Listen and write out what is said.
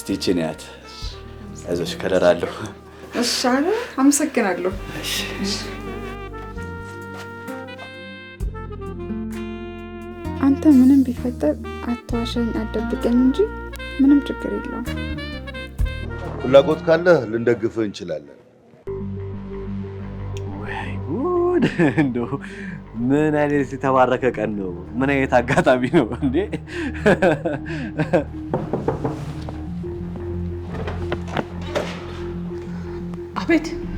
እስቲ ይቺን ያት ያዞች ከለር እሺ አለ አመሰግናለሁ። አንተ ምንም ቢፈጠር አትዋሸኝ፣ አደብቀኝ እንጂ ምንም ችግር የለውም። ፍላጎት ካለ ልንደግፍህ እንችላለን። ወይ ጉድ! እንደው ምን አይነት የተባረከ ቀን ነው! ምን አይነት አጋጣሚ ነው እንዴ! quit.